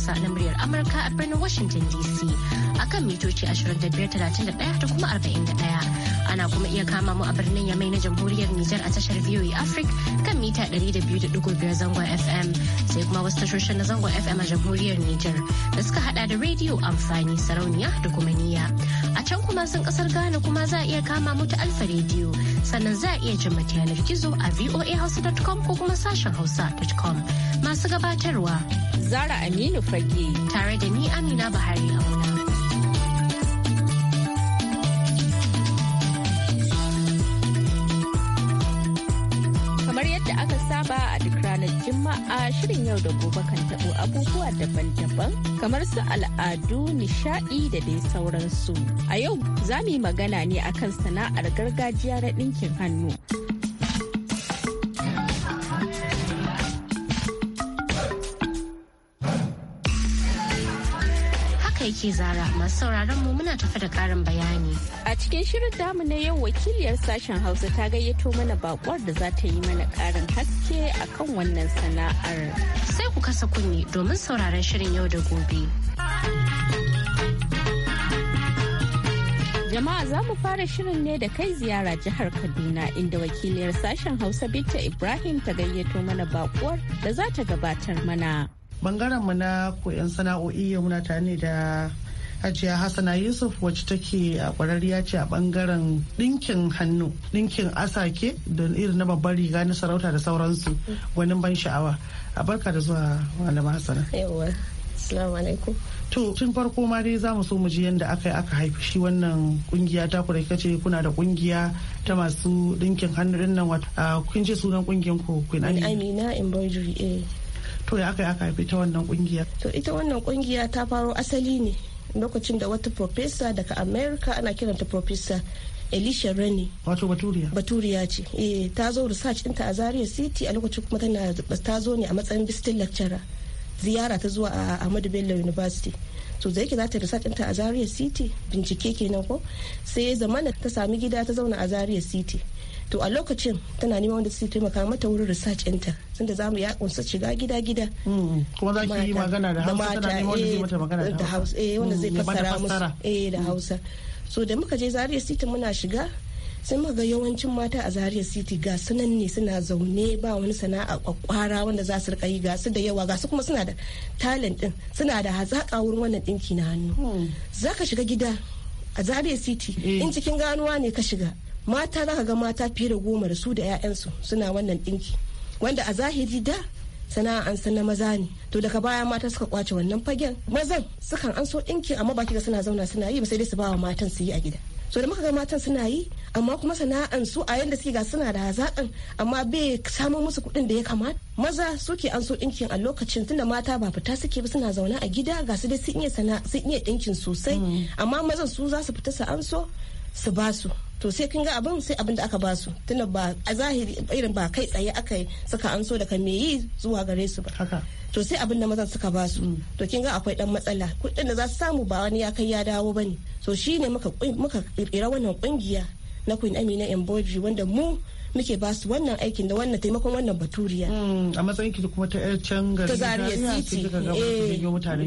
Hausa na muryar Amurka a birnin Washington DC akan mitoci 2531 da kuma 41. Ana kuma iya kama mu a birnin Yamai na Jamhuriyar Nijar a tashar VOA Africa kan mita 200.5 zangon FM sai kuma wasu tashoshin na zangon FM a Jamhuriyar Nijar da suka hada da rediyo amfani sarauniya da kuma niyya. A can kuma sun kasar Ghana kuma za a iya kama mu ta Alfa rediyo sannan za a iya jin yanar gizo a voahausa.com ko kuma sashen hausa.com. Masu gabatarwa Zara Aminu Fage tare da ni Amina Buhari auna. Kamar yadda aka saba a duk ranar Juma'a shirin yau da gobe kan tabo abubuwa daban-daban kamar su al'adu, nishaɗi da dai sauransu. A yau za mu yi magana ne akan sana'ar gargajiya na ɗinkin hannu. aiki zara masu sauraron mu muna tafi da karin bayani. A cikin shirin damu na yau wakiliyar sashen Hausa ta gayyato mana bakwar da za ta yi mana karin haske akan wannan sana'ar. Sai ku kasa kunni domin sauraron shirin yau da gobe. Jama'a za mu fara shirin ne da kai ziyara jihar Kaduna inda wakiliyar sashen Hausa Binta Ibrahim ta gayyato mana bakuwar da za ta gabatar mana. bangaren mu na koyon sana'o'i yau muna tare ne da Hajiya Hassana Yusuf wacce take a kwararriya ce a bangaren ɗinkin hannu, ɗinkin asake da irin na babbar riga na sarauta da sauransu wani ban sha'awa. A barka da zuwa wani Hassana. To tun farko ma dai za mu so mu ji yadda aka yi aka haifi shi wannan kungiya ta ku da kace kuna da kungiya ta masu ɗinkin hannu ɗin nan wata kun ce sunan kungiyan ku Queen Amina. Amina Embroidery eh. to ya aka aka haifi ta wannan kungiya to ita wannan kungiya ta faro asali ne lokacin da wata profesa daga america ana kiranta profesa elisha Rani. wato baturiya baturiya ce eh ta zo research ɗinta a zaria city a lokacin kuma tana ta zo ne a matsayin bistin lecturer ziyara ta zuwa a ahmadu bello university to da yake za ta research ɗinta a zaria city bincike kenan ko sai ya zamana ta sami gida ta zauna a zaria city to a lokacin tana neman wanda su taimaka mata wurin research ɗinta tunda zamu ya kunsa shiga gida gida kuma za ki yi magana da Hausa tana neman wanda zai eh, mata magana da Hausa eh wanda zai fassara musu eh da Hausa so da muka je Zaria City muna shiga sai muka ga yawancin mata a Zaria City ga sunan ne suna zaune ba wani sana'a kwakwara wanda za su rika yi ga su da yawa ga su kuma suna da talent din suna da hazaka wurin wannan dinki na hannu mm. zaka shiga gida a Zaria City eh. in cikin ganuwa ne ka shiga mata za ka ga mata fiye da goma da su da 'ya'yansu suna wannan dinki wanda a zahiri da sana'a an san na maza ne to daga baya mata suka kwace wannan fagen mazan sukan an so ɗinki amma baki da suna zauna suna yi ba sai dai su ba wa matan su yi a gida so da muka ga matan suna yi amma kuma sana'an su a yanda suke ga suna da hazaƙan amma bai samo musu kuɗin da ya kamata maza suke an so ɗinkin a lokacin tunda mata ba fita suke ba suna zauna a gida ga su dai sun iya sana'a sun iya ɗinkin sosai mm. amma mazan su za su fita su an so su basu. to sai kin ga abin sai abin da aka ba su tunda ba a zahiri irin ba kai tsaye aka saka an so daga me yi zuwa gare su ba to sai abin da mazan suka ba su mm. to kin ga akwai dan matsala kuɗin da za su samu ba wani ya kai ya dawo bane to shine muka muka kirkira wannan kungiya na Queen Amina Embodry wanda mu muke ba su wannan aikin da wannan taimakon wannan baturiya mm, a matsayin ki kuma ta can gari ta zariya titi eh,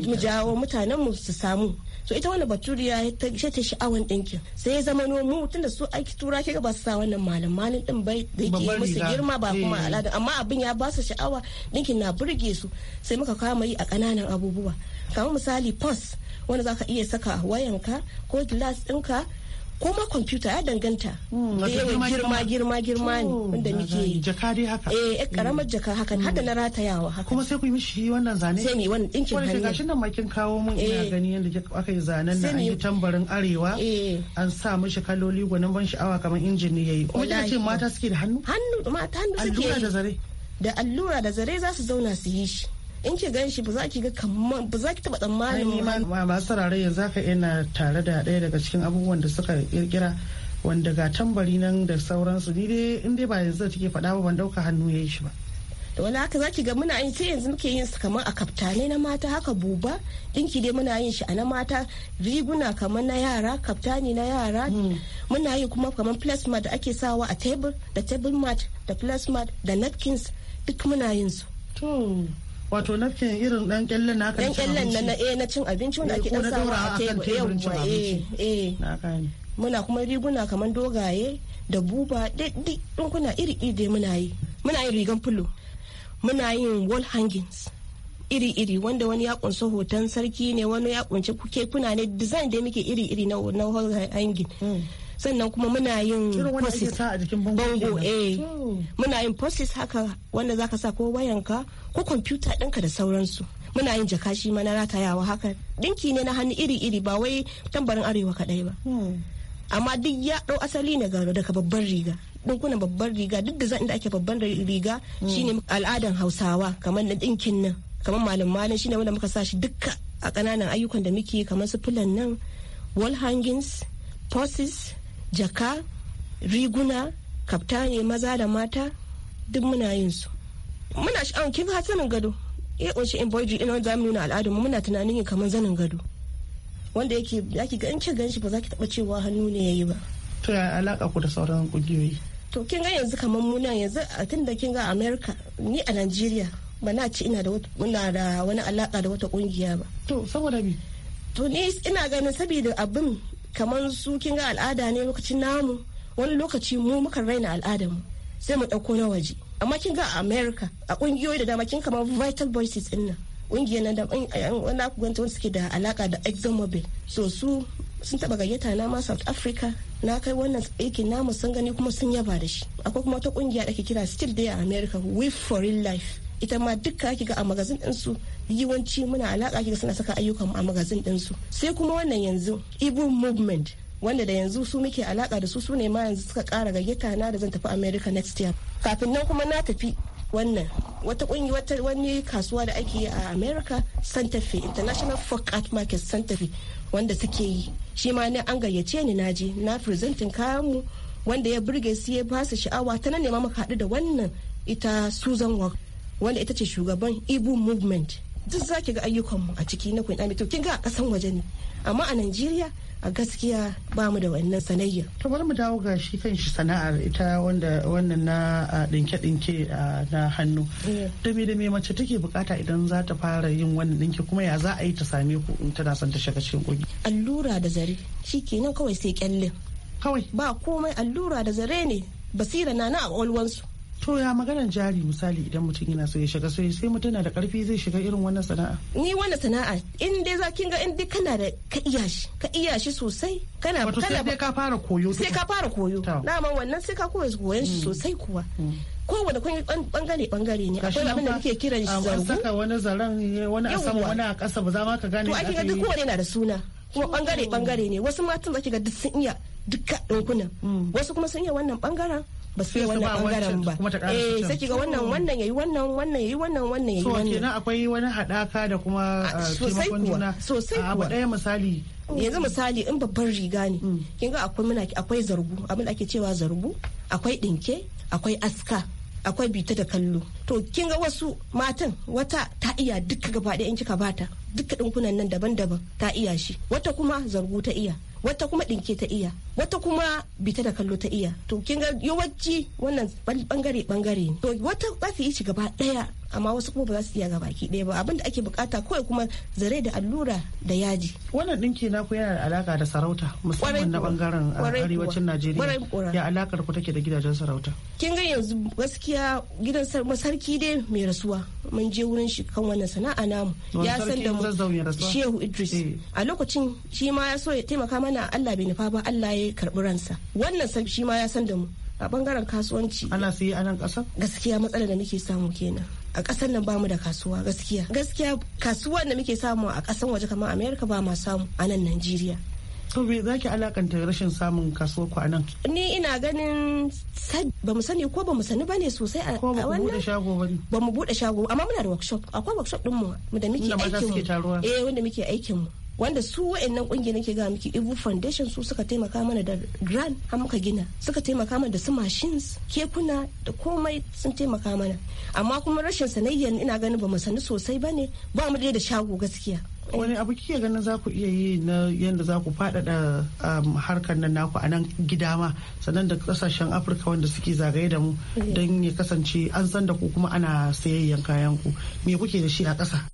mu jawo mutanen mu su samu so ita wannan baturiya ta ta sha'awan dinkin sai ya zama mu tunda su aiki tura kiga ba su sa wannan malamalin din bai da yake musu girma ba kuma eh. al'ada amma abin ya ba su sha'awa dinkin na burge su sai muka kama yi a kananan abubuwa kamar misali pos wanda zaka iya saka wayanka ko glass dinka. ko ma kwamfuta ya danganta da hmm, eh, yawan girma girma girma ne hmm, wanda muke yi jaka dai haka eh, eh karamar hmm. jaka haka hada na ratayawa haka kuma sai ku yi mishi wannan zane sai mai wannan dinkin hannu wanda gashin nan ma kin kawo mun ina eh. gani yanda aka yi zanen nan an yi tambarin arewa an sa mishi kaloli gwanin ban sha'awa kamar injin ne yayi kuma ce mata suke da hannu hannu mata hannu suke allura da zare da allura da zare za su zauna su yi shi in ki gan shi ba za ki ga kaman ba za ki taba tsammanin ma masu sarare yanzu haka ina tare da ɗaya daga cikin abubuwan da suka kirkira wanda ga tambari nan da sauransu ni dai in dai ba yanzu da take faɗa ba ban ɗauka hannu ya shi ba da wani haka zaki ga muna yin sai yanzu muke yin su kamar a kaftane na mata haka buba dinki dai muna yin shi a na mata riguna kamar na yara kaftani na yara hmm. muna yi kuma kamar plasma da ake sawa a table da table mat da plasma da napkins duk muna yin su wato nafkin irin dan kyallen na kan cin abinci dan kyallen eh, na cin abinci wanda eh, ake dan sawa a tebur eh eh muna kuma riguna kamar dogaye da buba duk kuna iri iri dai muna yi muna yin rigan fulo muna yin wall hangings iri-iri wanda wani ya kunsa hoton sarki ne wani ya kuke kuna ne design da muke iri-iri na wall hanging hmm. sannan kuma muna yin posis bango eh hmm. muna yin posis haka wanda zaka sa ko wayanka ko kwamfuta ɗinka da sauransu muna yin jaka shi ma na ratayawa haka dinki ne na hannu iri-iri ba wai tambarin arewa kaɗai ba hmm. amma duk ya ɗau asali ne daga babban riga ɗinkunan babban riga duk da zan da ake babban riga hmm. shine al'adan hausawa kamar na ɗinkin nan kamar malam malam shine wanda muka sa shi dukka a ƙananan ayyukan da muke kamar su fulan nan wall hangings poses jaka riguna ne maza da mata duk muna yin su muna sha'awar kin ha sanin gado ya eh, kunshi embroidery ina wanda zamu nuna al'adunmu muna tunanin yin kamar zanin gado wanda yake zaki ga in ce ganshi ba zaki taba cewa hannu ne yayi ba to ya alaka ku da sauran kungiyoyi to kin ga yanzu kamar muna yanzu a tunda kin ga America ni a Nigeria ba na ci ina da wani alaka da wata kungiya ba to saboda me to ni ina ganin saboda abin kamar su kin ga al'ada ne lokacin namu wani lokaci mu muka raina mu sai mu ɗauko na waje amma kin ga a america a ƙungiyoyi da dama kin kamar vital voices din nan kungiyar nan da wanda ku ganta wanda suke da alaka da exxonmobil so su sun taɓa gayyata na ma south africa na kai wannan aikin namu sun gani kuma sun yaba da shi akwai kuma wata kungiya da ke kira still there a america we for real life ita ma duka ki ga a magazin ɗinsu yawanci muna alaƙa kiga suna saka ayyukan a magazin ɗinsu sai kuma wannan yanzu ibu movement wanda da yanzu su muke alaƙa da su su ne ma yanzu suka ƙara gayyata na da zan tafi america next year kafin nan kuma na tafi wannan wata wata wani kasuwa da ake yi a america santa fe international folk art market santa fe wanda suke yi shi ma ne an gayyace ni na naje na presentin kayanmu wanda ya burge su ya ba sha'awa ta nan ne ma muka haɗu da wannan ita susan walk wanda ita ce shugaban ibu movement duk za ki ga ayyukanmu a ciki na kun to kin ga a kasan waje ne amma a najeriya a gaskiya ba mu da wannan sanayya. to bari mu dawo ga shi kan shi sana'ar ita wanda wannan na dinke dinke na hannu eh. da me da me mace take bukata idan za ta fara yin wannan dinke kuma ya za a yi ta same ku in tana son ta shiga cikin kogi allura da zare shikenan kawai sai kyalle kawai ba komai allura da zare ne basira na na a olwansu to ya maganar jari misali idan mutum yana so ya shiga sai sai mutum na da karfi zai shiga irin wannan sana'a ni wannan sana'a in dai za kin ga in dai kana da ka iya shi ka iya shi sosai kana kana sai ka fara koyo sai ka fara koyo dama wannan sai ka koyo koyon shi mm. sosai kuwa mm. kun bangare bangare ne akwai abin da muke kiran shi zaro saka wani zaren wani a sama wani a kasa ba za ma ka gane to ake ga duk kowane na da suna kuma bangare bangare ne wasu matan zaki ga duk sun iya duka ɗinkunan mm. wasu kuma sun yi wannan bangaren ba su yi wannan bangaren ba eh sai kiga wannan wannan yayi wannan wannan yayi wannan wannan yayi wannan so kenan akwai wani hadaka da kuma ah, ah, taimakon juna sosai ah, kuwa abu daya misali yanzu misali in babban riga ne mm. kin ga akwai muna akwai zargu abin da ake cewa zargu akwai dinke akwai aska akwai bita da kallo to kin ga wasu matan wata ta iya duka gaba ɗaya in kika bata duka dinkunan nan daban-daban ta iya shi wata kuma zargu ta iya wata kuma ɗinke ta iya wata kuma bita da kallo ta iya to kin ga yawanci wannan bangare bangare ne to wata ba su yi gaba ɗaya amma wasu kuma ba za su iya gabaki ɗaya ba abinda ake bukata kawai kuma zare da allura da yaji wannan dinki na ku yana da alaka da sarauta musamman na bangaren ah, arewacin Najeriya ya alakar ku take da gidajen sarauta kin ga yanzu gaskiya gidan sarki dai mai rasuwa mun je wurin shi kan wannan sana'a namu ya san da mu Shehu Idris eh. a lokacin shi ma ya so ya taimaka mana Allah bai nufa ba Allah ya karbi ransa wannan shi ma ya san da mu a bangaren kasuwanci ana sai a nan kasar gaskiya matsalar da nake samu kenan a ƙasar nan bamu da kasuwa gaskiya gaskiya kasuwa da muke samu a ƙasan waje kamar america ba ma samu a nan najeriya to me za ki alakanta rashin samun kasuwar ku a nan ni ina ganin ba mu sani ko ba mu sani bane sosai a wannan ba mu bude shago amma muna da workshop akwai workshop din mu da muke aikin mu eh wanda muke aikin mu wanda su wa'annan kungiya nake ga miki ibu foundation su suka taimaka mana da grant har muka gina suka taimaka mana da su machines kekuna da komai sun taimaka mana amma kuma rashin sanayyar ina ganin ba mu sani sosai ba ne ba mu da shago gaskiya wani abu kike ganin za ku iya yi na yadda za ku faɗaɗa um, harkar nan naku a nan gida ma sannan da kasashen afirka wanda suke zagaye da mu mm. don ya kasance an san da ku kuma ana sayayyan kayan ku me kuke da shi a ƙasa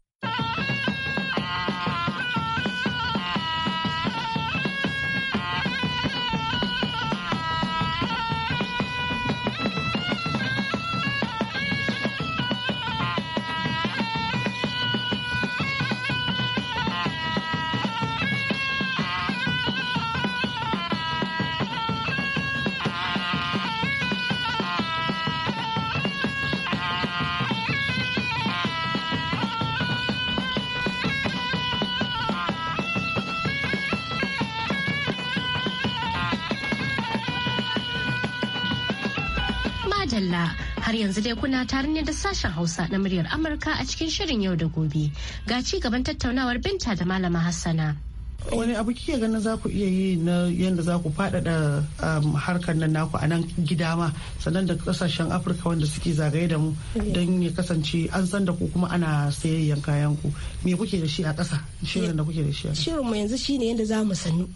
dai kuna tare ne da sashen Hausa na muryar Amurka a cikin shirin yau da gobe. Ga ci gaban tattaunawar Binta da Malama Hassana. Wani abu kike ganin za ku iya yi na yadda za ku faɗaɗa um, harkar nan naku a nan gida ma sannan da kasashen Afirka wanda suke zagaye da mu don ya kasance an san da ku kuma ana sayayyan kayan ku. Me kuke da shi a ƙasa? Shirin da kuke da shi a Shirin mu yanzu shine yadda za mu sannu.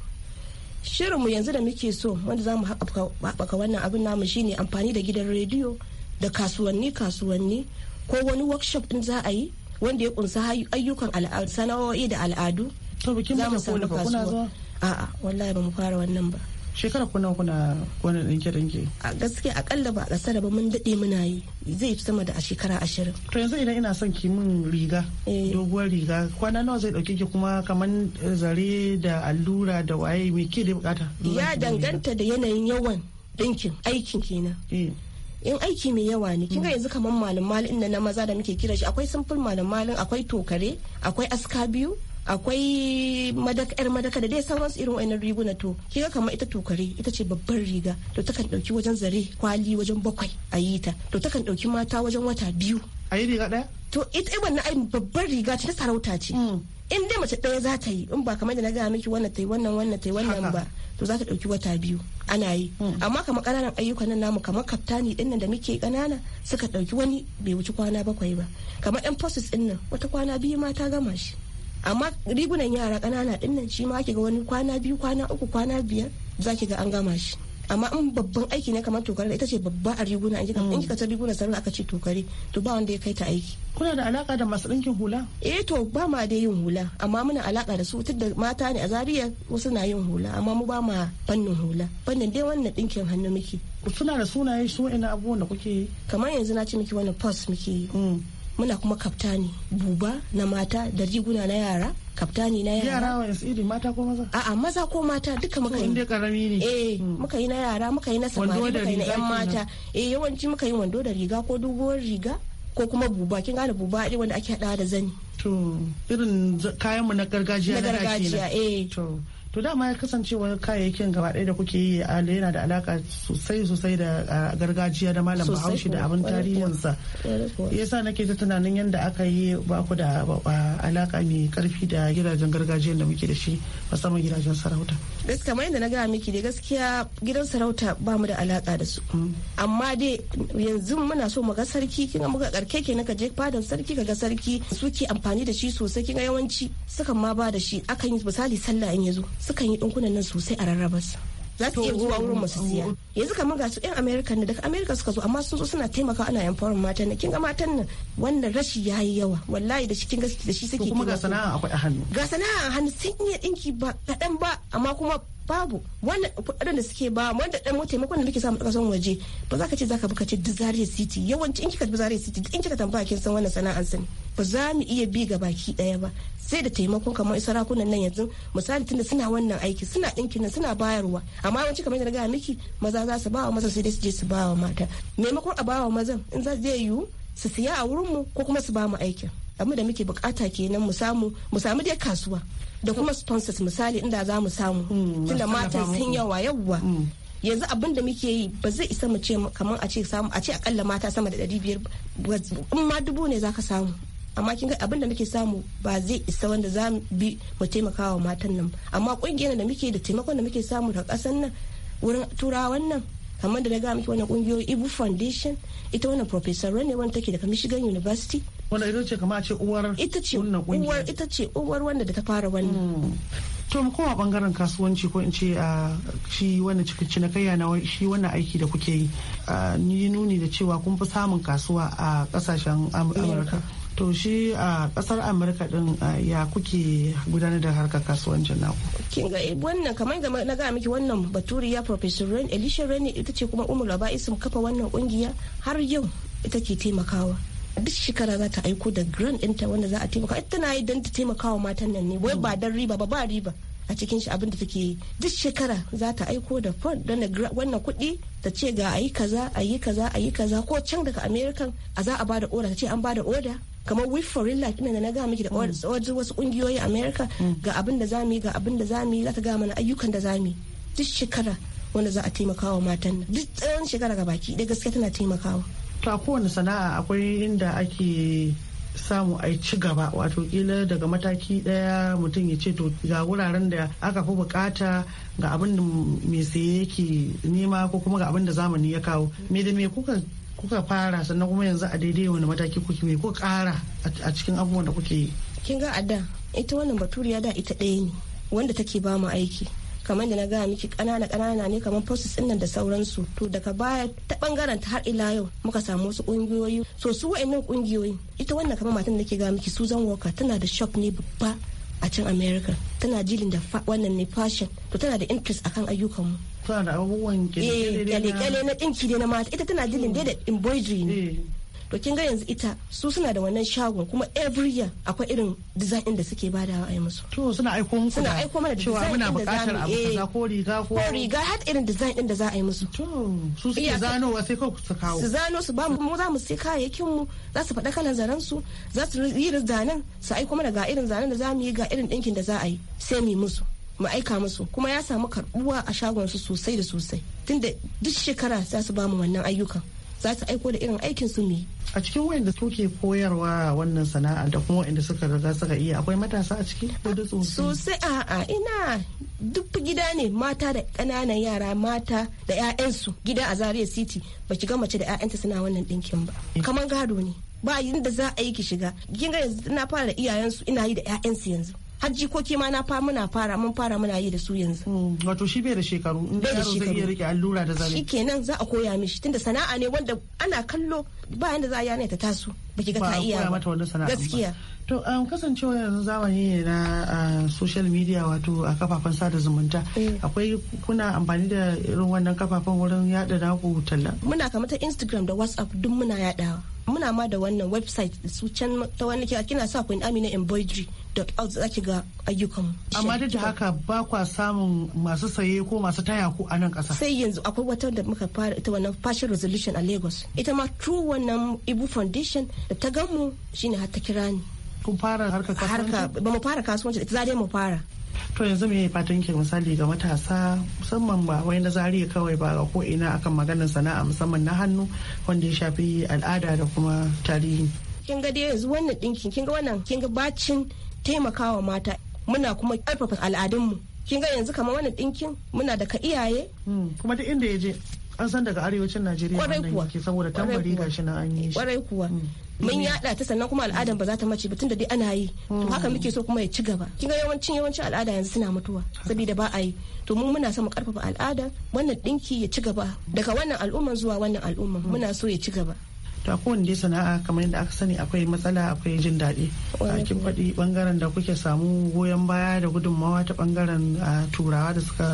mu yanzu da muke so wanda za mu haɓaka wannan abin namu shine amfani da gidan rediyo da kasuwanni kasuwanni ko wani workshop din za a yi wanda ya kunsa ayyukan sana'o'i da al'adu to bikin da kuna kuna zuwa a'a wallahi ba mu fara wannan ba shekara kuna kuna wani dinke dinke. a gaske akalla ba a ƙasar ba mun daɗe muna yi zai fi sama da a shekara ashirin to yanzu idan ina son ki min riga eh. doguwar riga kwana nawa zai dauke ki kuma kamar eh, zare da allura da waye me ke da bukata ya danganta da yanayin yawan ɗinkin aikin kenan eh. in aiki mai yawa ne kinga yanzu kamar malam malin na maza da muke kira shi akwai simple malam malin akwai tokare akwai aska biyu akwai madaka yar madaka da dai sauransu irin wayannan riguna to kinga kamar ita tokare ita ce babban riga to takan dauki wajen zare kwali wajen bakwai a yi ta to takan dauki mata wajen wata biyu a yi riga daya to ita wannan ai babban riga ce ta sarauta ce mm. in dai mace ɗaya za ta yi in ba kamar da na gaya miki wannan ta yi wannan wannan ta yi wannan ba to za ta ɗauki wata biyu ana yi hmm. amma kamar ƙananan ayyukan nan namu kamar kaftani ɗin nan da muke ƙanana suka ɗauki wani bai wuci kwana bakwai ba kamar ɗan fosis ɗin nan wata kwana biyu ma ta gama shi amma rigunan yara ƙanana ɗin nan shi ma ake ga wani kwana biyu kwana uku kwana biyar za ki ga an gama shi amma in babban aiki ne kamar tokare ita ce babba a riguna in kika mm. ta riguna sarar aka ce tokare to ba wanda ya kai ta aiki kuna da alaka da masu ɗinkin hula eh to ba ma da yin hula amma muna alaka da su tun da mata ne a zariya wasu na yin hula amma mu ba ma fannin hula fannin dai wannan ɗinkin hannu muke suna da sunaye su ina abubuwan da kuke kamar yanzu na ce miki wannan pos muke yi mm. muna kuma kaftani ne buba na mata da riguna na yara kaftani na yara yara wa iri e mata ko maza a'a maza ko mata duka muka yi inda karami ne eh hmm. muka yi na yara muka yi na samari muka yi na yan mata eh yawanci muka yi wando da riga ko doguwar riga ko kuma buba kin gane buba ne wanda ake hada da zani to irin kayan mu na gargajiya na gargajiya eh to to dama ya kasancewa kayayyakin gaba ɗaya da kuke yi yana da alaka sosai sosai da gargajiya da malam bahaushe da abin tarihinsa yasa nake ta tunanin yadda aka yi ba ku da alaka mai karfi da gidajen gargajiyan da muke da shi musamman gidajen sarauta gaskiya mai da na gaya miki da gaskiya gidan sarauta ba mu da alaka da su mm. amma dai yanzu muna so mu ga sarki ga muka karke kenan ka je fadan sarki ka ga sarki suke amfani da shi sosai ga yawanci sukan ma ba da shi akan yi misali sallah in ya sukan yi ɗinkunan nan sosai a rarraba su za su iya zuwa wurin masu siya yanzu kamar ga su yan amerika ne daga amerika suka zo amma sun zo suna taimaka ana yan matan nan kin ga matan nan wannan rashi ya yi yawa wallahi da shi kin gaske da shi suke kuma ga sana'a akwai a hannu ga sana'a a hannu sun iya dinki ba kaɗan ba amma kuma babu wannan kuɗaɗen da suke ba wanda dan mota taimakon da muke samu daga son waje ba za ka ce za ka buka ce Zaria City yawanci in kika Zaria City in kika tambaya kin san wannan sana'an sani ba za mu iya bi ga baki daya ba sai da taimakon kamar sarakunan nan yanzu misali tunda suna wannan aiki suna ɗinkin nan suna bayarwa amma yawanci kamar yadda ga miki maza za su ba wa maza sai dai su je su ba wa mata maimakon a ba wa mazan in za zai yiwu su siya a wurinmu ko kuma su ba mu aikin abin da muke bukata kenan mu samu mu samu dai kasuwa da kuma sponsors misali inda za mu samu hmm, tunda matan sun yawa yawa hmm. yanzu abin da muke yi ba zai isa mu ce kamar a ce samu a ce akalla mata sama da ɗari 500 in ma dubu ne zaka samu amma kin ga abin da muke samu ba zai isa wanda za mu bi mu taimaka wa matan nan amma kungiyar da muke da taimakon da muke samu daga kasan nan wurin turawan nan amma da na ga miki wannan kungiyoyi ibu foundation ita wannan professor ne wanda take daga michigan university wanda ita ce kama ce uwar ita ce uwar ita ce uwar wanda da ta fara wannan hmm. to mu kowa bangaren kasuwanci ko in ce a ah, shi wannan na cinikayya na shi wannan aiki da kuke yi ah, ni nuni da cewa kun fi samun kasuwa a kasashen amurka to shi a kasar amurka din ya kuke gudanar da harkar kasuwancin kinga eh, wannan kamar da na ga miki wannan baturiya professor ren elisha ren ita ce kuma umar laba isim kafa wannan kungiya har yau ita ke taimakawa duk shekara za ta aiko da grand ɗinta wanda za a taimaka ita na yi don ta taimakawa matan nan ne wai ba dan riba ba ba riba a cikin shi abin da take yi duk shekara za ta aiko da fund don wannan kuɗi ta ce ga a yi kaza a yi kaza a yi kaza ko can daga american a za a bada order ta ce an ba da order. kamar we for real life na ga miki da mm. wasu kungiyoyi america mm. ga abin da zamu yi ga abin da zamu yi zaka ga mana ayyukan da zamu yi duk shekara wanda za a taimakawa matan nan duk tsawon shekara ga baki da gaskiya tana taimakawa to a kowane sana'a akwai inda ake samu a ci gaba wato kila daga mataki daya mutum ya ce to ga wuraren da aka fi bukata ga abin da mai saye yake nema ko kuma ga abin da zamani ya kawo me da me kuka kuka fara sannan kuma yanzu a daidai wani mataki kuke mai ko kara a cikin abubuwan da kuke yi kin ga a da ita wannan baturiya da ita ɗaya ne wanda take ba mu aiki kamar da na gaya miki ƙanana ƙanana ne kamar process ɗin nan da sauransu to daga baya ta bangaren ta har ila yau muka samu wasu ƙungiyoyi so su wa'annan ƙungiyoyi ita wannan kamar matan da ke gaya miki Susan Walker tana da shop ne babba a can america tana jilin da wannan ne fashion to tana da interest akan ayyukanmu tana da abubuwan kyale-kyale eh, na dinki ne na mata ita tana jilin da embroidery ne eh. to kin ga yanzu ita su suna da wannan shagon kuma every year akwai irin design da suke badawa a yi musu to suna aiko muku suna aiko mana cewa muna bukatar abu kaza ko riga ko riga har irin design din da za a yi musu to su suke wa sai kawai su kawo su zano su ba mu za mu sai kayayyakin mu za su faɗa kalan zaren su za su yi zanen su aiko mana ga irin zanen da za mu yi ga irin ɗinkin da za a yi sai mu yi musu mu aika musu kuma ya samu karbuwa a shagon su sosai da sosai tunda duk shekara za su bamu wannan ayyukan za su aiko da irin aikin su ne a cikin wayanda suke koyarwa wannan sana'a da kuma wayanda suka riga suka iya akwai matasa a ciki ko da sosai a'a ina duk gida ne mata da ƙananan yara mata da 'ya'yansu gida a zaria city ba ki ga mace da 'ya'yanta suna wannan ɗinkin ba kamar gado ne ba yin za a yi ki shiga kin ga yanzu na fara da iyayensu ina yi da 'ya'yansu yanzu har jikoki ma na fa muna fara mun fara muna yi da su yanzu hmm, wato shi bai da shekaru bai da shekaru zai iya rike allura da zane shikenan za a koya mishi tunda sana'a ne wanda ana kallo ba yanda za a yana ta taso baki ga ka iya mata wani sana'a gaskiya to um, kasancewa yanzu zamani ne na uh, social media wato a kafafen sada zumunta eh. akwai kuna amfani da irin wannan kafafen wurin yada naku talla muna ta instagram da whatsapp duk muna yada muna ma da wannan website su can ta wani kira kina sa ku amina embroidery dot out zaki ga ayyukan amma duk da haka ba kwa samun masu saye ko masu taya ku a nan kasa sai yanzu akwai wata da muka fara ita wannan fashion resolution a lagos ita ma true wannan ibu foundation da ta gan mu shine har ta kira ni kun fara harkar kasuwanci ba mu fara kasuwanci da ta zare mu fara to yanzu me fatan ke misali ga matasa musamman ba wai na zariya kawai ba ga ko ina akan maganar sana'a musamman na hannu wanda ya shafi al'ada da kuma tarihi kin ga dai yanzu wannan dinkin kin ga wannan kin ga bacin taimakawa mata muna kuma karfafa al'adunmu kin ga yanzu kamar wannan dinkin muna da ka iyaye hmm, kuma duk inda ya je an san daga arewacin najeriya kwarai kuwa ke saboda tambari shi na an yi kwarai kuwa mm. mun mm. yada ta sannan kuma al'adan ba za ta mace ba tunda dai ana yi to mm. haka muke so kuma ya ci gaba kin ga yawancin yawancin al'ada yanzu suna mutuwa saboda ba a yi to mun muna so mu karfafa al'ada wannan dinki ya ci gaba daga wannan al'umman zuwa wannan al'umman muna so ya ci gaba ta kowane dai sana'a kamar yadda aka sani akwai matsala akwai jin daɗi a kin faɗi bangaren da kuke samu goyon baya da gudunmawa ta bangaren turawa da suka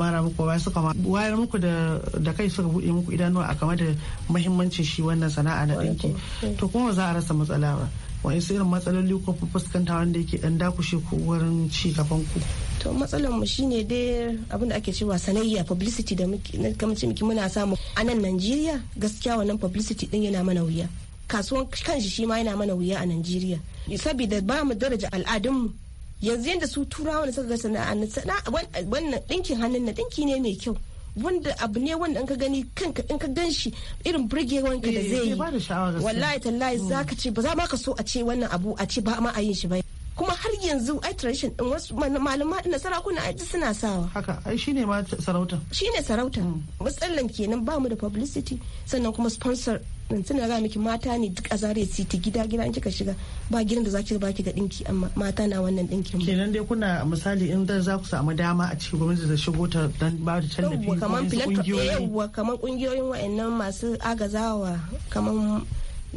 mara muku baya suka wayar muku da kai suka buɗe muku idanuwa a game da mahimmancin shi wannan sana'a na ɗinki to kuma za a rasa matsala ba wani irin matsaloli ko fuskanta wanda yake dan dakushe ko wurin ci gaban ku to matsalar mu shine dai abin da ake cewa sanayya publicity da muke kamar muke muna samu a nan Najeriya gaskiya wannan publicity din yana mana wuya kasuwan kanshi shi ma yana mana wuya a Najeriya saboda ba mu daraja al'adunmu yanzu yadda su turawa da suka ga sana'a wannan dinkin hannun na dinki ne mai kyau wanda abu ne wanda in ka gani kanka in ka gan shi irin burgewanka da eh, zai yi wallahi tallahi hmm. ka ce ba za ma ka so a ce wannan abu a ce ba ma a yin shi ba kuma har yanzu ai tradition din wasu malama na sarakuna ai suna sawa haka ai shine ma sarauta shine sarauta hmm. matsalan kenan ba mu da publicity sannan kuma sponsor nan tana ga miki mata ne duk a zare titi gida gida in kika shiga ba gidan da zaki baki ga dinki amma mata na wannan dinkin kenan dai kuna misali in da za ku samu dama a cikin gwamnati da shigo ta dan ba da tallafi ko kaman kungiyoyi kaman kungiyoyin wayannan masu agazawa kaman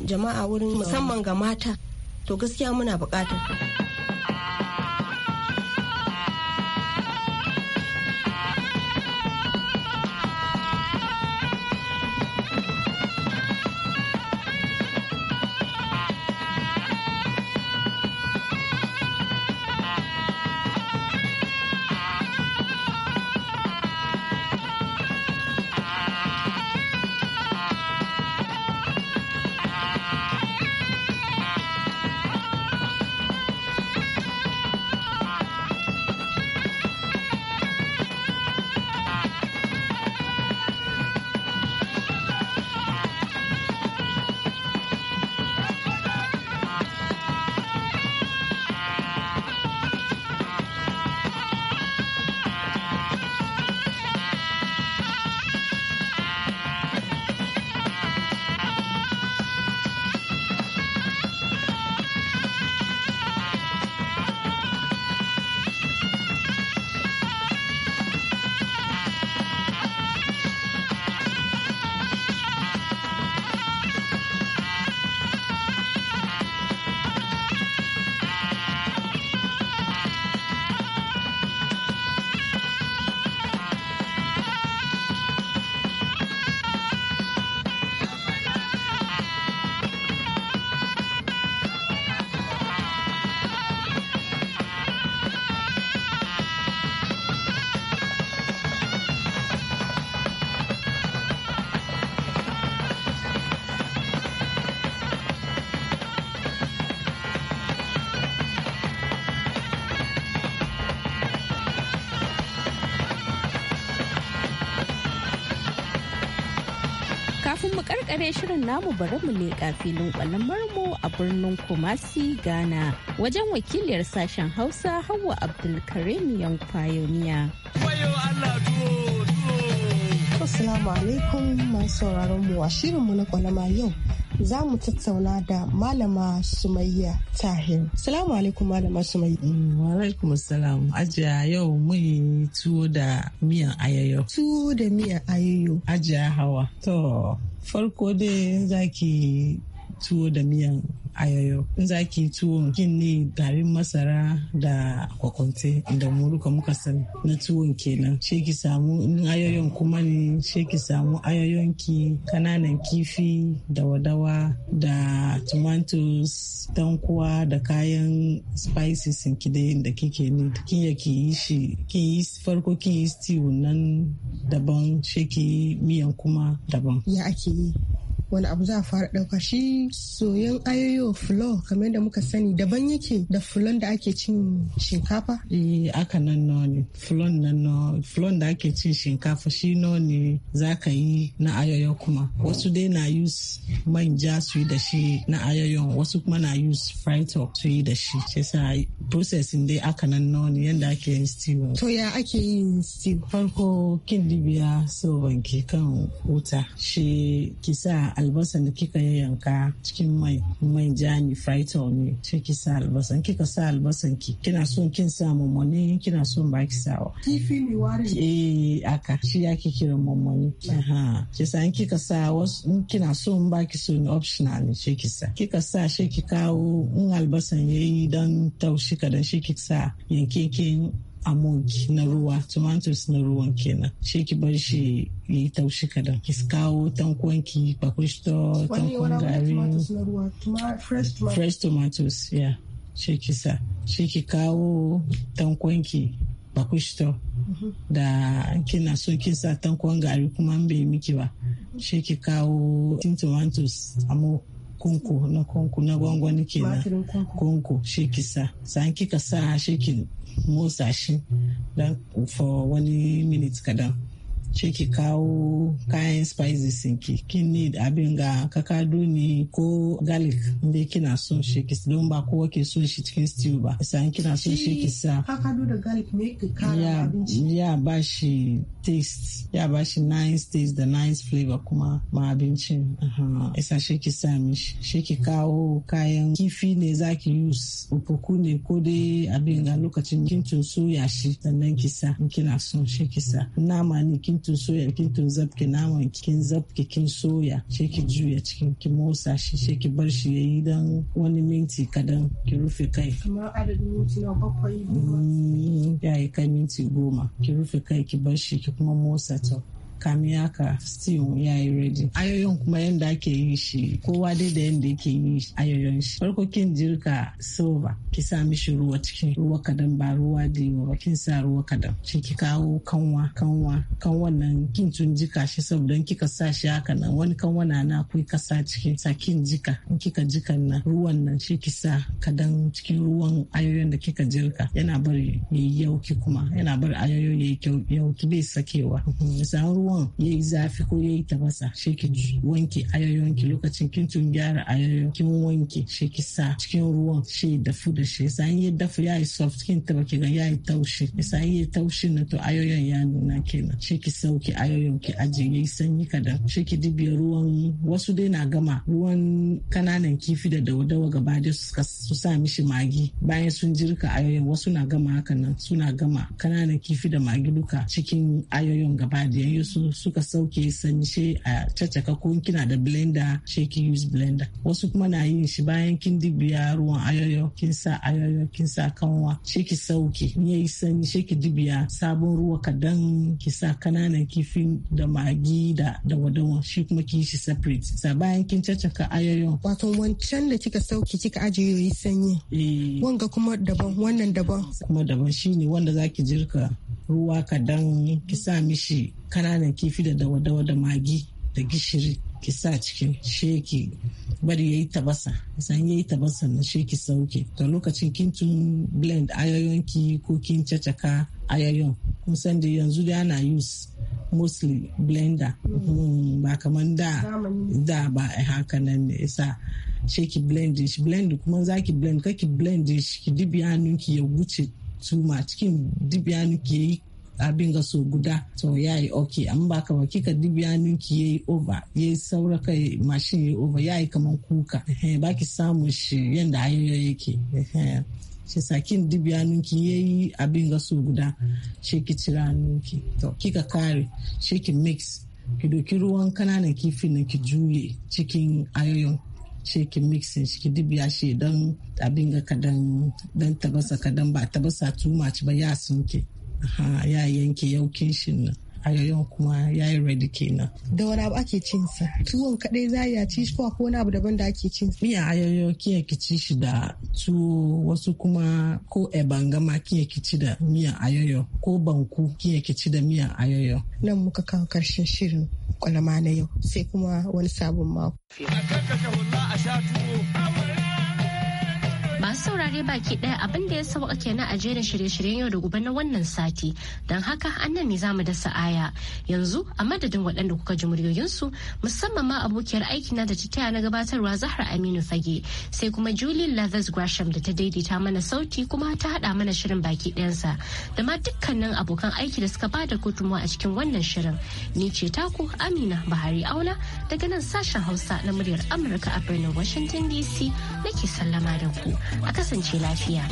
jama'a wurin musamman ga mata to gaskiya muna bukata namu bari mu ne kafinin kwalamar mu a birnin Kumasi, Ghana, wajen wakiliyar sashen Hausa Hauwa Abdulkarim yan Pioneer. Assalamu alaikum masu sauraron mu a shirinmu na kwalama yau za mu tattauna da malama sumayya tahir salamu alaikum malama sumayya mm, wa alaikum salam ajiya yau mun tuwo da miyan ayayo tuwo da miyan ayayo ajiya hawa to farko dai za ki tuwo da miyan ayoyo in za ki tuwo kin ne garin masara da kwakwante da muruka muka san na tuwon kenan she ki samu in ayoyon kuma ne she ki samu ayoyon ki kananan kifi da wadawa da tomatoes tankuwa da kayan spices ki da kike ne kin ya ki yi shi kin yi farko kin yi stew nan daban she ki miyan kuma daban ya ake yi wani abu za a fara ɗauka shi soyan ayoyo fulo kamar da muka sani daban yake da fulon da ake cin shinkafa? Eh aka nan ne fulon nan fulon da ake cin shinkafa shi ne za ka yi na ayoyo kuma wasu dai na use manja su yi da shi na ayoyon wasu kuma na use frito su yi da shi shi sa processing dai aka nan ne yadda ake yin stew. To ya ake yin stew? Farko kin dibiya so banki kan wuta shi kisa albasa da kika yanka cikin mai mai jami fritol ne sai ki sa albasan kika sa albasan ki kina son kin sa mamoni kina son ba ki sawa kifi ne wari eh aka shi ki kiran mamoni aha ki sa kika sa wasu in kina son ba ki son optional ne sai ki sa kika sa sai ki kawo in albasan yayi dan taushi kadan shi ki sa yankin yankekin Amonki na ruwa tomatoes na ruwan kenan shi ki bar shi ya yi taushi kadan ki kawo tankonki pakushto tankon gari fresh tomatoes ya shi ki sa shi ki kawo tankonki pakushto mm-hmm. da kina so kin sa tankon gari kuma bai miki ba mm-hmm. shi ki kawo tomatoes amo kunku na kunku na gwangwani kenan kunku shi kisa san kika sa shi motsa shi dan for wani minute kadan ce ki kawo kayan spices ki kin need abin ga kakadu ne ko garlic inda kina son shi ki don ba kowa ke son shi cikin stew ba san kina son shi ki sa kakadu da garlic ne ki kara abinci ya ba shi taste ya ba shi nice taste da nice flavor kuma ma abincin isa shi ki sa mishi shi ki kawo kayan kifi ne zaki use ufuku ne ko dai abin ga lokacin kin soya shi sannan ki sa in kina son shi ki sa nama ne kin tun soya kin tun zabke naman kin zabke kin soya sai ki juya cikin ki motsa shi sai ki bar shi yayi dan wani minti kadan ki rufe kai kamar adadin minti na bakwai mm, ya yi kai minti goma ki rufe kai ki bar shi ki kuma motsa ta kami haka stew ya yi ready ayoyin kuma yadda ake yi shi kowa dai da yadda yake yi ayoyin shi farko kin jirka silver ki sa mishi ruwa cikin ruwa kadan ba ruwa da yawa ba kin sa ruwa kadan shi ki kawo kanwa kanwa kanwan nan kin tun jika shi saboda kika sa shi haka nan wani kanwa na na ka kasa cikin sa kin jika in kika jikan nan ruwan nan shi ki sa kadan cikin ruwan ayoyin da kika jirka yana bari yauki kuma yana bari ayoyin yauki bai sakewa. Misalin ruwan ruwan ya yi zafi ko ya yi tabasa shi wanke ayoyin ki lokacin kin tun gyara ayoyin kin wanke shi ki sa cikin ruwan shi dafu da shi sa in ya dafu ya yi soft kin taba ki ga ya yi taushi sa in ya taushi na to ayoyon ya nuna kenan shi ki sauki ayoyon ki aje ya yi sanyi kadan shi ki dibiya ruwan wasu dai na gama ruwan kananan kifi da dawadawa gaba da su sa mishi magi bayan sun jirka ayoyon wasu na gama haka nan suna gama kananan kifi da magi duka cikin ayoyon gaba da yayin su suka sauke sani shi a caccaka ko kina da blender shi ki use blender wasu kuma na yin shi bayan kin dibiya ruwan ayoyo kin sa ayoyo kin sa kanwa shi ki sauke ni yayi sanyi shi ki dibiya sabon ruwa kadan ki sa kananan kifin da magi da da wadawa shi kuma ki shi separate sa bayan kin caccaka ayoyo wato wancan da kika sauke kika ajiye yayi sanyi eh. wanga kuma daban wannan daban kuma daban shine wanda zaki jirka ruwa kadan ki sa mishi kananan kifi da dawa-dawa da magi da gishiri ki sa cikin sheki bari ya yi tabasa ya yi tabasa na sheki sauke to lokacin kin tun blend ayoyon ki ko kin cacaka ayoyon kun san da yanzu da ana use mostly blender hmm, ba kaman da da ba haka nan ne isa sheki blend shi blend kuma zaki blend kaki blend shi ki dibi hannun ki ya wuce tuma cikin dibi hannun ki yi. abin ga so guda to ya yi ok amma ba ka kika dibiya ki ya yi over ya yi saura mashin ya yi over ya yi kamar kuka eh, ba ki samun shi yadda hanyoyi yake eh, shi sakin dibiya ki ya yi abin ga so guda shi ki cira ki to kika kare shi ki mix ki doki ruwan kananan kifin nan ki juye cikin ayoyin shi ki mixin shi ki dibiya shi don abin ga kadan don tabasa kadan ba tabasa tumaci ba ya sunke ha ya yanke yaukin shin nan ayoyin kuma ya yi ready kenan. Da wani abu ake cin sa? Tuwon kaɗai za ya ci shi ko wani abu daban da ake cin sa? Miya ayoyo kiya ki ci shi da tuwo wasu kuma ko ebangama kiya ki ci da a ayoyo ko banku kiyar ki ci da a ayoyo. Nan muka kawo karshen shirin kwalama na yau sai kuma wani sabon mako. Masu saurare baki ɗaya abin da ya sauka kenan a jerin shirye-shiryen yau da gobe na wannan sati. Don haka an nan ne zamu dasa aya. Yanzu a madadin waɗanda kuka ji muryoyinsu musamman ma abokiyar na da ta taya na gabatarwa Zahra Aminu Fage sai kuma Julie Lathers Gresham da ta daidaita mana sauti kuma ta haɗa mana shirin baki ɗayansa da ma dukkanin abokan aiki da suka bada gudunmawa a cikin wannan shirin. Ni ce taku Amina Bahari Auna daga nan sashen Hausa na muryar Amurka a birnin Washington DC nake sallama da ku. a kasance lafiya.